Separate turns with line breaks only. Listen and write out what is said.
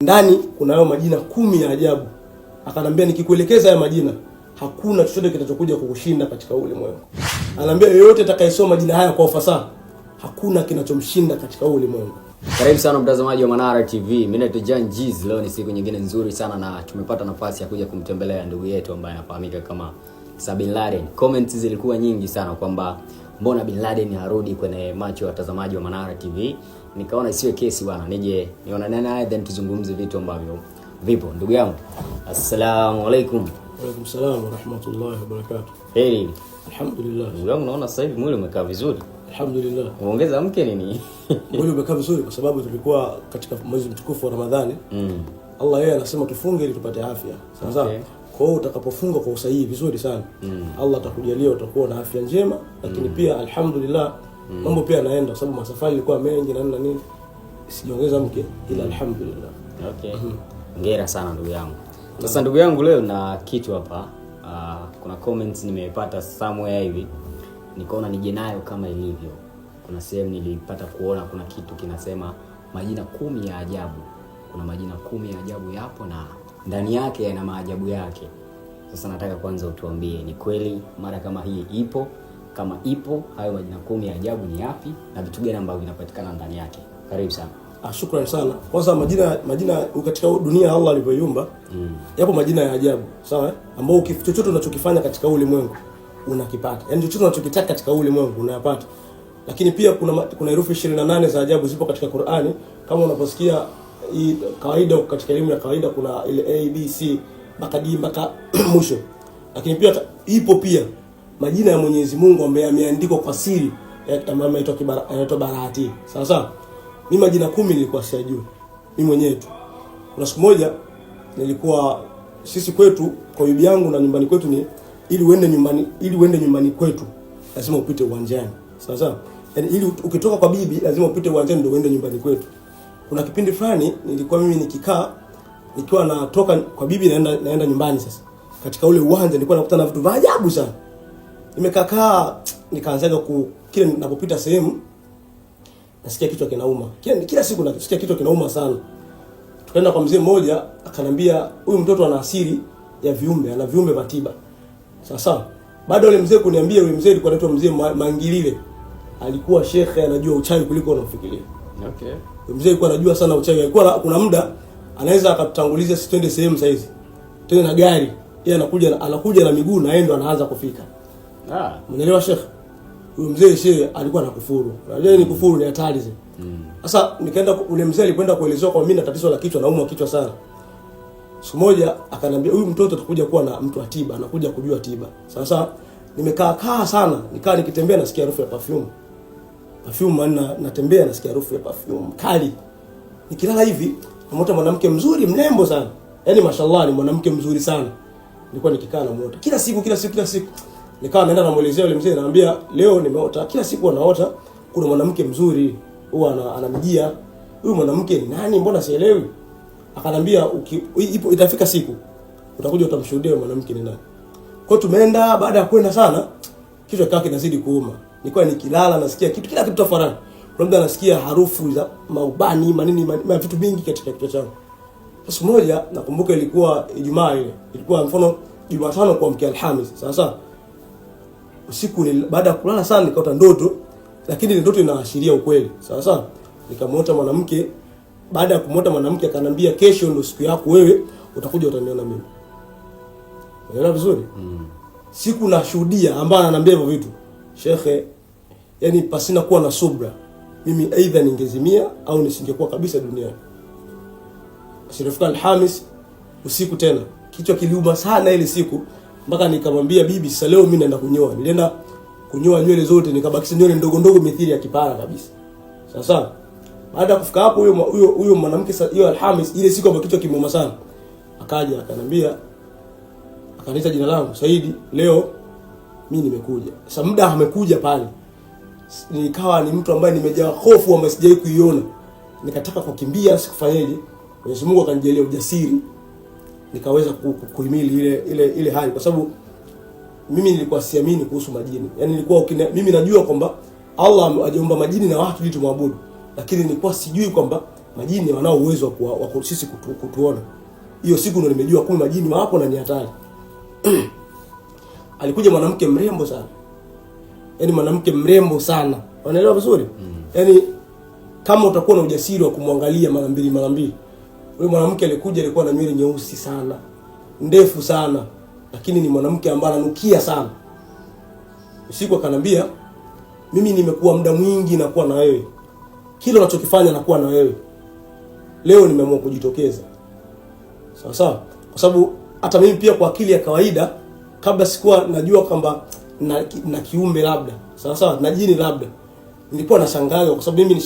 ndani kuna hayo majina kumi ya ajabu. Akanambia, nikikuelekeza haya majina hakuna chochote kitachokuja kukushinda katika ulimwengu. Anaambia yeyote atakayesoma majina haya kwa ufasaha hakuna kinachomshinda katika ulimwengu.
Karibu sana mtazamaji wa Manara TV. Mimi naitwa Jan Jiz. Leo ni siku nyingine nzuri sana na tumepata nafasi ya kuja kumtembelea ndugu yetu ambaye anafahamika kama Sabin Laden. Comments zilikuwa nyingi sana kwamba mbona bin Laden harudi kwenye macho ya watazamaji wa Manara TV. Nikaona isiwe kesi bwana, nije nionane naye then tuzungumze vitu ambavyo vipo. Ndugu yangu, assalamu alaikum.
Waalaikum salaam warahmatullahi wabarakatuh. Hey. Alhamdulillah.
Ndugu yangu, naona sasa hivi mwili umekaa vizuri.
Alhamdulillah.
Umeongeza mke nini?
mwili umekaa vizuri kwa sababu tulikuwa katika mwezi mtukufu wa Ramadhani. Mm. Allah yeye anasema tufunge ili tupate afya. Sawa Okay. Kwa hiyo utakapofunga kwa usahihi vizuri sana mm. Allah atakujalia utakuwa na afya njema, lakini mm. pia alhamdulillah mm. mambo pia yanaenda, sababu masafari ilikuwa mengi na nini, sijaongeza mke ila mm. alhamdulillah.
Okay, mm-hmm. ngera sana ndugu yangu. Sasa ndugu yangu, leo na kitu hapa uh, kuna comments nimepata somewhere hivi nikaona nije nayo kama ilivyo. Kuna sehemu nilipata kuona kuna kitu kinasema majina kumi ya ajabu. Kuna majina kumi ya ajabu yapo na ndani yake yana maajabu yake. Sasa nataka kwanza utuambie, ni kweli mara kama hii ipo? Kama ipo, hayo majina kumi ya ajabu ni yapi na vitu gani ambavyo vinapatikana ndani yake? Karibu sana.
Ah, sana. Kwanza majina majina katika dunia Allah alivyoiumba, mm. yapo majina ya ajabu, sawa? Ambao chochote unachokifanya katika ulimwengu unakipata. Yaani chochote unachokitaka katika ulimwengu unayapata. Lakini pia kuna kuna herufi 28 za ajabu zipo katika Qur'ani kama unaposikia hii kawaida, katika elimu ya kawaida kuna ile A B C mpaka D mpaka mwisho, lakini pia ipo pia majina ya Mwenyezi Mungu ambaye yameandikwa kwa siri ambayo yanaitwa barahati. Sawa sawa, mimi majina kumi nilikuwa sijajua mimi mwenyewe tu. Kuna siku moja nilikuwa sisi kwetu kwa bibi yangu na nyumbani kwetu ni ili uende nyumbani, ili uende nyumbani kwetu lazima upite uwanjani. Sawa sawa, yaani ili ukitoka kwa bibi lazima upite uwanjani ndio uende nyumbani kwetu. Kuna kipindi fulani nilikuwa mimi nikikaa nikiwa natoka kwa bibi naenda naenda nyumbani sasa. Katika ule uwanja nilikuwa nakutana vitu vya ajabu sana. Nimekakaa nikaanzaga ku kile ninapopita sehemu nasikia kichwa kinauma. Kila, kila siku nasikia kichwa kinauma sana. Tukaenda kwa mzee mmoja akanambia huyu mtoto ana asili ya viumbe, ana viumbe vatiba. Sasa baada yule mzee kuniambia, yule mzee alikuwa anaitwa mzee Mangilile. Alikuwa shekhe anajua uchawi kuliko unafikiria. Okay. Mzee alikuwa anajua sana uchawi. Alikuwa kuna muda anaweza akatutanguliza si twende sehemu saa hizi. Twende na gari. Yeye anakuja anakuja na miguu na yeye ndo anaanza kufika. Ah. Unaelewa Sheikh? Huyo mzee shehe alikuwa anakufuru. Unajua ni kufuru ni hatari zile. Mm. Sasa nikaenda ule mzee alikwenda kuelezewa kwa mimi na tatizo la kichwa naumwa kichwa sana. Siku moja akaniambia huyu mtoto atakuja kuwa na mtu wa tiba, anakuja kujua tiba. Sasa nimekaa kaa sana, nikaa nikitembea nasikia harufu ya perfume perfume na natembea nasikia harufu ya perfume kali. Nikilala hivi namuota mwanamke mzuri mrembo sana. Yaani mashallah ni mwanamke mzuri sana. Nilikuwa nikikaa na namuota. Kila siku kila siku kila siku. Nikawa naenda namuelezea yule mzee naambia leo nimeota. Kila siku anaota kuna mwanamke mzuri huwa anamjia. Huyu mwanamke ni nani? Mbona sielewi? Akanambia ipo itafika siku utakuja utamshuhudia mwanamke ni nani. Kwa tumeenda baada ya kwenda sana kichwa kikawa kinazidi kuuma nilikuwa nikilala nasikia kitu kila kitu tofauti Kuna muda nasikia harufu za maubani manini na vitu vingi katika kichwa changu. Siku moja nakumbuka ilikuwa Ijumaa ile. Ilikuwa mfano Jumatano kwa mke alhamis Sasa usiku ni baada ya kulala sana nikaota ndoto lakini ile ndoto inaashiria ukweli. Sasa nikamwota mwanamke baada ya kumwota mwanamke akanambia kesho ndio siku yako wewe utakuja utaniona mimi. Unaelewa vizuri? Mm. Siku nashuhudia ambaye ananiambia hivyo vitu. Shekhe, yani pasina kuwa na subra, mimi aidha ningezimia au nisingekuwa kabisa duniani. Ashrafika Alhamis usiku tena, kichwa kiliuma sana ile siku, mpaka nikamwambia bibi, sasa leo mimi naenda kunyoa. Nilienda kunyoa nywele zote, nikabakisha nywele ndogo ndogo mithili ya kipara kabisa. Sasa baada ya kufika hapo, huyo huyo huyo mwanamke hiyo Alhamis, ile siku ambayo kichwa kimuma sana, akaja akanambia, akaniita jina langu Saidi, leo mi nimekuja. Sasa muda amekuja pale, nikawa ni mtu ambaye nimejaa hofu ama sijai kuiona, nikataka kukimbia, sikufanyaje. Mwenyezi Mungu akanijalia ujasiri, nikaweza kuhimili ile ile ile hali, kwa sababu mimi nilikuwa siamini kuhusu majini. Yaani nilikuwa ukine, mimi najua kwamba Allah hajaumba majini na watu ili tumwabudu, lakini nilikuwa sijui kwamba majini wanao uwezo wa sisi kutu, kutuona. Hiyo siku ndo nimejua kumbe majini wapo na ni hatari alikuja mwanamke mrembo sana, yaani mwanamke mrembo sana, unaelewa vizuri mm. Yaani kama utakuwa na ujasiri wa kumwangalia mara mbili mara mbili. Huyo mwanamke alikuja, alikuwa na nywele nyeusi sana, ndefu sana, lakini ni mwanamke ambaye ananukia sana. Usiku akanambia, mimi nimekuwa muda mwingi nakuwa na wewe, kila unachokifanya nakuwa na wewe, leo nimeamua kujitokeza. Sawa sawa, kwa sababu hata mimi pia kwa akili ya kawaida kabla sikuwa najua kwamba na, na kiumbe labda sawa sawa na jini labda, nilikuwa nashangaza kwa sababu mimi